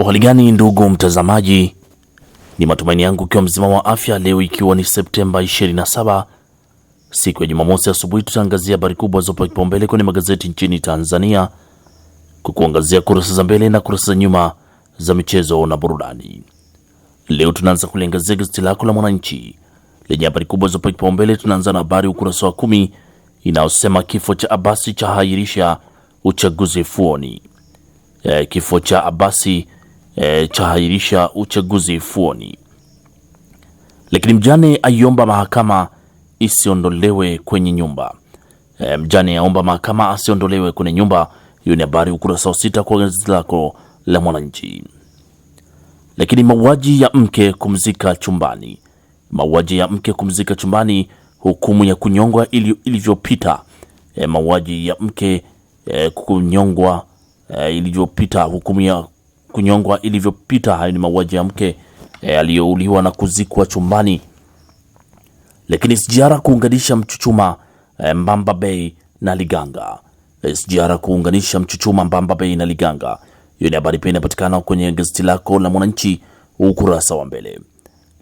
Uhali gani ndugu mtazamaji, ni matumaini yangu ukiwa mzima wa afya leo, ikiwa ni Septemba 27 siku ya Jumamosi asubuhi, tutaangazia habari kubwa zopa kipaumbele kwenye magazeti nchini Tanzania, kukuangazia kurasa za mbele na kurasa za nyuma za michezo na burudani. Leo tunaanza kuliangazia gazeti lako la Mwananchi lenye habari kubwa zopa kipaumbele. Tunaanza na habari ukurasa wa kumi inayosema kifo cha Abasi cha hairisha uchaguzi fuoni. E, kifo cha Abasi e, cha uchaguzi Fuoni. Lakini mjane aiomba mahakama isiondolewe kwenye nyumba e, mjane aomba mahakama asiondolewe kwenye nyumba. Hiyo ni habari ukurasa wa sita kwa gazeti lako la Mwananchi. Lakini mauaji ya mke kumzika chumbani, mauaji ya mke kumzika chumbani, hukumu ya kunyongwa ilivyopita ili e, mauaji ya mke e, kunyongwa e, ilivyopita, hukumu ya kunyongwa ilivyopita. Hayo ni mauaji ya mke e, eh, aliyouliwa na kuzikwa chumbani. Lakini SGR kuunganisha Mchuchuma e, Mbamba Bay na Liganga. SGR kuunganisha Mchuchuma Mbamba Bay na Liganga. Hiyo ni habari pia inapatikana kwenye gazeti lako la Mwananchi ukurasa wa mbele.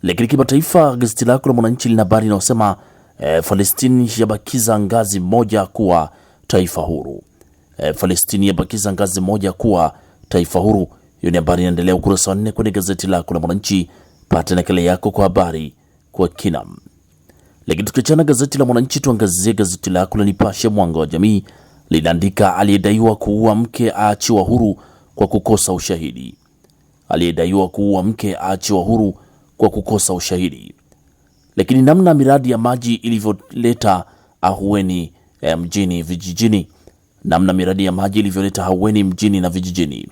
Lakini kimataifa, gazeti lako la Mwananchi lina habari inayosema e, Falestini yabakiza ngazi moja kuwa taifa huru. E, Falestini yabakiza ngazi moja kuwa taifa huru. Hiyo ni habari inaendelea ukurasa wa nne kwenye gazeti lako la Mwananchi. Pata nakala yako kwa habari kwa kina. Lakini tukiachana gazeti la Mwananchi, tuangazie gazeti lako la Nipashe Mwanga wa Jamii. Linaandika aliyedaiwa kuua mke aachiwa huru kwa kukosa ushahidi. Aliyedaiwa kuua mke aachiwa huru kwa kukosa ushahidi. Lakini namna miradi ya maji ilivyoleta ahueni eh, mjini vijijini, namna miradi ya maji ilivyoleta ahueni mjini na vijijini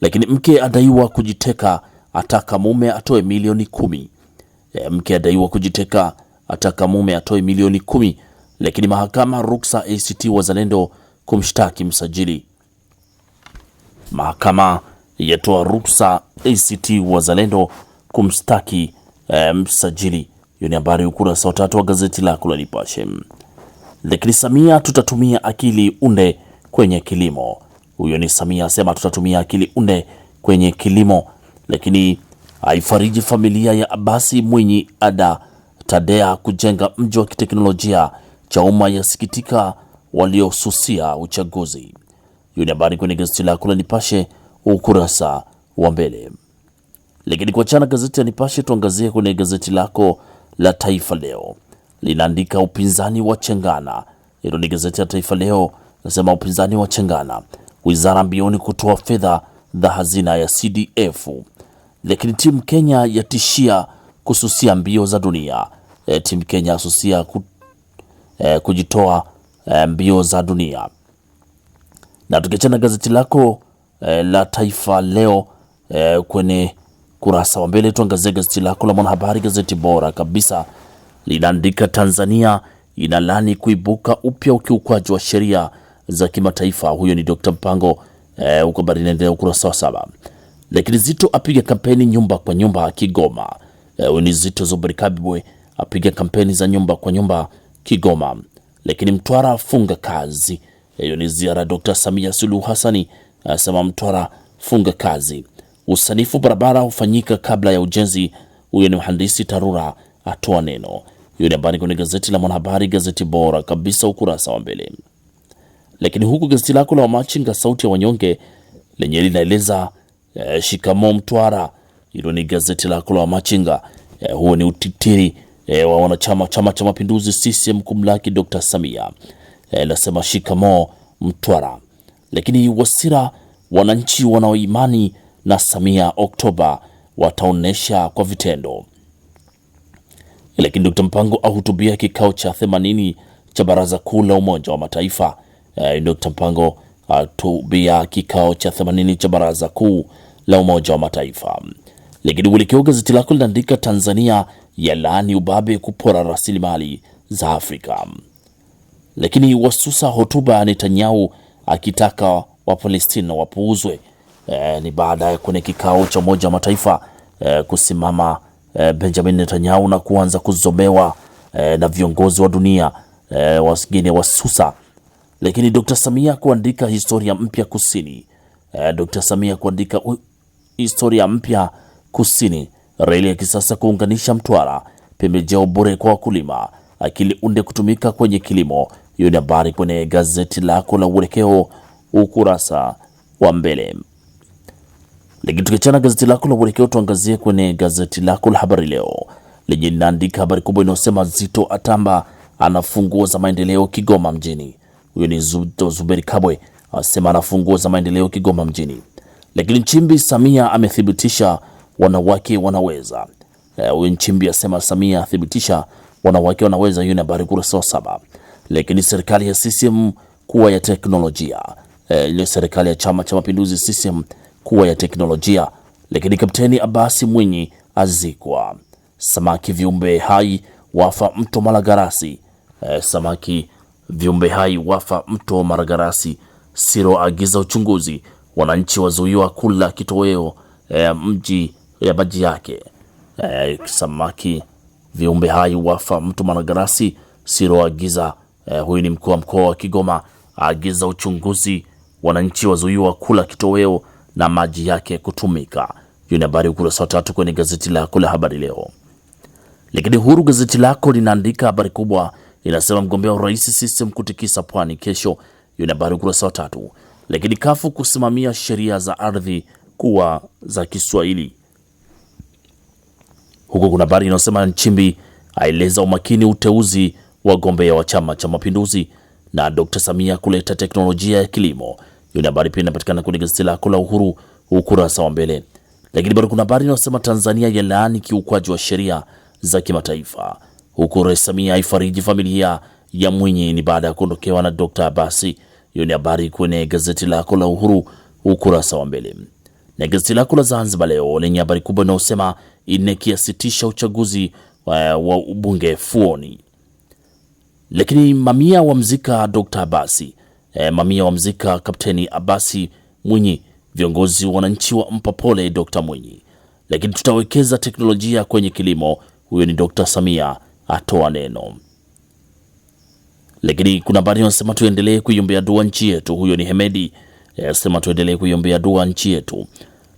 lakini mke adaiwa kujiteka, ataka mume atoe milioni kumi. E, mke adaiwa kujiteka, ataka mume atoe milioni kumi, lakini mahakama ruksa ACT Wazalendo kumshtaki msajili. Mahakama yatoa ruksa ACT Wazalendo kumstaki e, msajili. Hiyo ni habari ukurasa wa tatu wa gazeti lako la Nipashe. Lakini Samia, tutatumia akili unde kwenye kilimo huyo ni Samia asema tutatumia akili unde kwenye kilimo, lakini haifariji familia ya Abasi Mwinyi. Ada Tadea kujenga mji wa kiteknolojia cha umma yasikitika waliosusia uchaguzi. Hiyo ni habari kwenye gazeti lako la Nipashe ukurasa wa mbele. Lakini kuachana gazeti la Nipashe, tuangazie kwenye gazeti lako la Taifa Leo linaandika upinzani wa chengana. Hilo ni gazeti la Taifa Leo nasema upinzani wa chengana wizara mbioni kutoa fedha za hazina ya CDF, lakini timu Kenya yatishia kususia mbio za dunia. E, timu Kenya asusia ku, e, kujitoa e, mbio za dunia. Na tukiachana gazeti lako e, la Taifa Leo e, kwenye kurasa wa mbele tuangazie gazeti lako la Mwanahabari, gazeti bora kabisa linaandika Tanzania inalani kuibuka upya ukiukwaji wa sheria za kimataifa. Huyo ni Dr. Mpango eh, huko barini endelea ukurasa wa saba. Lakini Zito apiga kampeni nyumba kwa nyumba Kigoma. Eh, ni Zito Zuberi Kabwe apiga kampeni za nyumba kwa nyumba Kigoma. Lakini Mtwara funga kazi. Eh, hiyo eh, ni ziara Dr. Samia Suluhu Hassani asema Mtwara funga kazi. Usanifu barabara hufanyika kabla ya ujenzi. Huyo ni mhandisi Tarura atoa neno. Hiyo ni habari kwenye gazeti la Mwanahabari, gazeti bora kabisa, ukurasa wa mbele. Lakini huku gazeti lako la Wamachinga sauti ya wanyonge lenye linaeleza eh, shikamo Mtwara. Hilo ni gazeti lako la Wamachinga. Eh, huo ni utitiri eh, wa wanachama Chama cha Mapinduzi CCM kumlaki Dr. Samia eh, nasema shikamo Mtwara. Lakini Wasira, wananchi wanaoimani na Samia Oktoba wataonesha kwa vitendo. Lakini Dr. Mpango ahutubia kikao cha 80 cha Baraza Kuu la Umoja wa Mataifa eh, Dr. Mpango atubia eh, kikao cha 80 cha baraza kuu la Umoja wa Mataifa. Lakini uelekeo gazeti lako linaandika Tanzania ya laani ubabe kupora rasilimali za Afrika, lakini wasusa hotuba ya Netanyahu akitaka Wapalestina wapuuzwe. E, ni baada ya kwenye kikao cha Umoja wa Mataifa e, kusimama e, Benjamin Netanyahu na kuanza kuzomewa e, na viongozi wa dunia e, wasgine wasusa lakini Dr. Samia kuandika historia mpya kusini. Uh, eh, Dr. Samia kuandika historia mpya kusini. Reli ya kisasa kuunganisha Mtwara, pembejeo bure kwa wakulima, akili unde kutumika kwenye kilimo. Hiyo ni habari kwenye gazeti lako la Uelekeo ukurasa wa mbele. Lakini tukichana gazeti lako la Uelekeo, tuangazie kwenye gazeti lako la Habari Leo lenye linaandika habari kubwa inayosema Zito atamba ana za maendeleo Kigoma mjini. Huyo ni Zubto Zuberi Kabwe asema anafungua za maendeleo Kigoma mjini. Lakini Nchimbi Samia amethibitisha wanawake wanaweza. Eh, Huyo uh, Nchimbi asema Samia athibitisha wanawake wanaweza. Hiyo ni habari kurasa wa saba. Lakini serikali ya CCM kuwa ya teknolojia eh, ile uh, serikali ya chama cha mapinduzi CCM kuwa ya teknolojia. Lakini Kapteni Abasi Mwinyi azikwa, samaki viumbe hai wafa mto Malagarasi. Uh, samaki viumbe hai wafa mto wa Maragarasi. Siro agiza uchunguzi. Wananchi wazuiwa kula kitoweo e, mji ya maji yake e, samaki. Viumbe hai wafa mto Maragarasi. Siro agiza e, eh, huyu ni mkuu wa mkoa wa Kigoma agiza uchunguzi. Wananchi wazuiwa kula kitoweo na maji yake kutumika. Hiyo ni habari ukurasa wa tatu kwenye gazeti lako la Habari Leo. Lakini Huru gazeti lako linaandika habari kubwa inasema mgombea urais system kutikisa pwani kesho. Hiyo ni habari ukurasa wa tatu. Lakini kafu kusimamia sheria za ardhi kuwa za Kiswahili. Huku kuna habari inayosema Nchimbi aeleza umakini uteuzi wagombea wa Chama cha Mapinduzi na Dr. Samia kuleta teknolojia ya kilimo. Hiyo ni habari pia inapatikana kwenye gazeti lako la Uhuru ukurasa wa mbele. Lakini bado kuna habari inayosema Tanzania yalaani kiukwaji wa sheria za kimataifa huku Rais Samia aifariji familia ya Mwinyi ni baada ya kuondokewa na Dr. Abasi. Hiyo ni habari kwenye gazeti lako la Uhuru ukurasa wa mbele. Na gazeti lako la Zanzibar Leo lenye habari kubwa inayosema INEC yasitisha uchaguzi wa, wa ubunge Fuoni, lakini mamia mzika Dr. Abasi. E, mamia mzika Kapteni Abasi Mwinyi. Viongozi wananchi wampa pole Dr. Mwinyi. Lakini tutawekeza teknolojia kwenye kilimo, huyo ni Dr. Samia atoa neno. Lakini kuna baadhi wanasema tuendelee kuiombea dua nchi yetu. Huyo ni Hemedi anasema tuendelee kuiombea dua nchi yetu.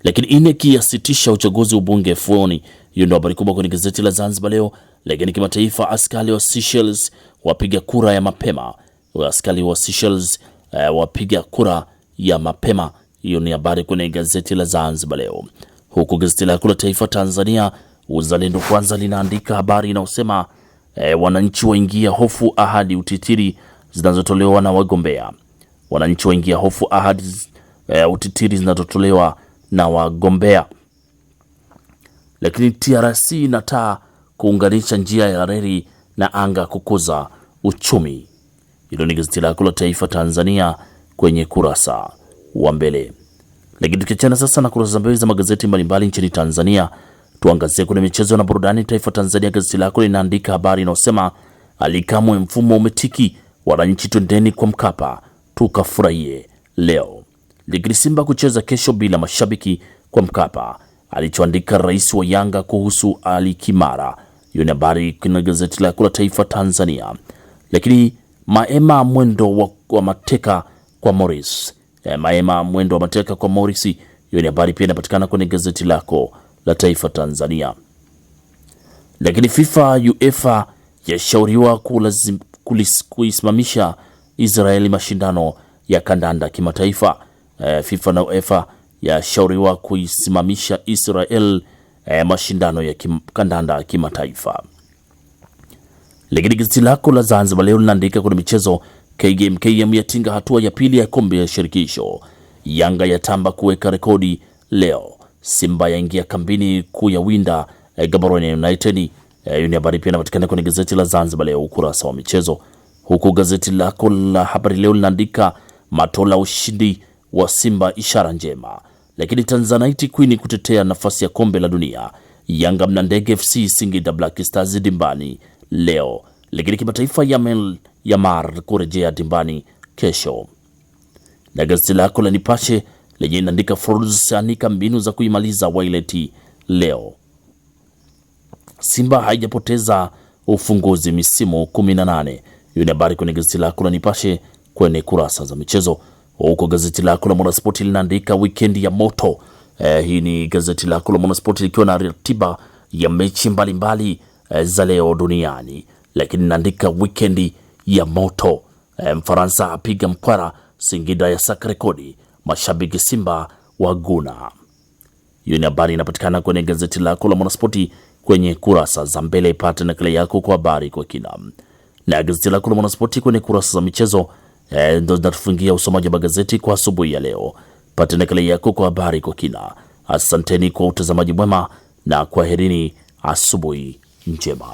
Lakini INEC yasitisha uchaguzi ubunge Fuoni. Hiyo ndio habari kubwa kwenye gazeti la Zanzibar Leo. Lakini kimataifa, askari wa Seychelles wapiga kura ya mapema. Askari wa Seychelles uh, wapiga kura ya mapema. Hiyo ni habari kwenye gazeti la Zanzibar Leo, huku gazeti la kula Taifa Tanzania Uzalendo Kwanza linaandika habari inayosema e, wananchi waingia hofu ahadi utitiri zinazotolewa na wagombea. Wananchi waingia hofu ahadi e, utitiri zinazotolewa na wagombea. Lakini TRC inataa kuunganisha njia ya reli na anga kukuza uchumi. Hilo ni gazeti lako la Taifa Tanzania kwenye kurasa wa mbele. Lakini tukiachana sasa na kurasa za mbele za magazeti mbalimbali nchini Tanzania Tuangazie kwenye michezo na burudani. Taifa Tanzania gazeti lako linaandika habari inayosema Alikamwe, mfumo umetiki, wananchi twendeni kwa Mkapa tukafurahie leo. Ligri Simba kucheza kesho bila mashabiki kwa Mkapa, alichoandika rais wa Yanga kuhusu Ali Kimara. Hiyo ni habari kwenye gazeti lako la Taifa Tanzania. Lakini Maema mwendo wa, wa mateka kwa Morris e, Maema mwendo wa mateka kwa Morris. Hiyo ni habari pia inapatikana kwenye gazeti lako la taifa Tanzania. Lakini FIFA UEFA yashauriwa kuisimamisha Israeli mashindano ya kandanda kimataifa. E, FIFA na UEFA yashauriwa kuisimamisha Israel e, mashindano ya kim, kandanda kimataifa. Lakini gazeti lako la Zanzibar leo linaandika kwenye michezo, KMKM yatinga hatua ya pili ya kombe ya shirikisho, Yanga yatamba kuweka rekodi leo Simba yaingia kambini kuu ya winda eh, Gaborone United. Eh, hiyo eh, ni habari pia inapatikana kwenye gazeti la Zanzibar Leo ukurasa wa michezo, huku gazeti lako la Habari Leo linaandika Matola ushindi wa Simba ishara njema, lakini Tanzanite Queen kutetea nafasi ya kombe la dunia. Yanga mna ndege FC Singida Black Stars dimbani leo, lakini kimataifa Yamel Yamar kurejea dimbani kesho. Na gazeti lako la Nipashe lenye inaandika Folz anika mbinu za kuimaliza Wailet leo. Simba haijapoteza ufunguzi misimu 18. Hiyo ni habari kwenye gazeti lako la Nipashe kwenye kurasa za michezo, huko gazeti lako la Mwanaspoti linaandika wikendi ya moto. Eh, hii ni gazeti lako la Mwanaspoti likiwa na ratiba ya mechi mbalimbali mbali, eh, za leo duniani, lakini inaandika wikendi ya moto eh, Mfaransa apiga mkwara Singida ya saka rekodi mashabiki Simba waguna. Hiyo ni habari inapatikana kwenye gazeti lako la Mwanaspoti kwenye kurasa za mbele. Ipate nakala yako kwa habari kwa kina. Na gazeti lako la Mwanaspoti kwenye kurasa za michezo eh, ndo zinatufungia usomaji wa magazeti kwa asubuhi ya leo. Pate nakala yako kwa habari kwa kina. Asanteni kwa utazamaji mwema na kwaherini, asubuhi njema.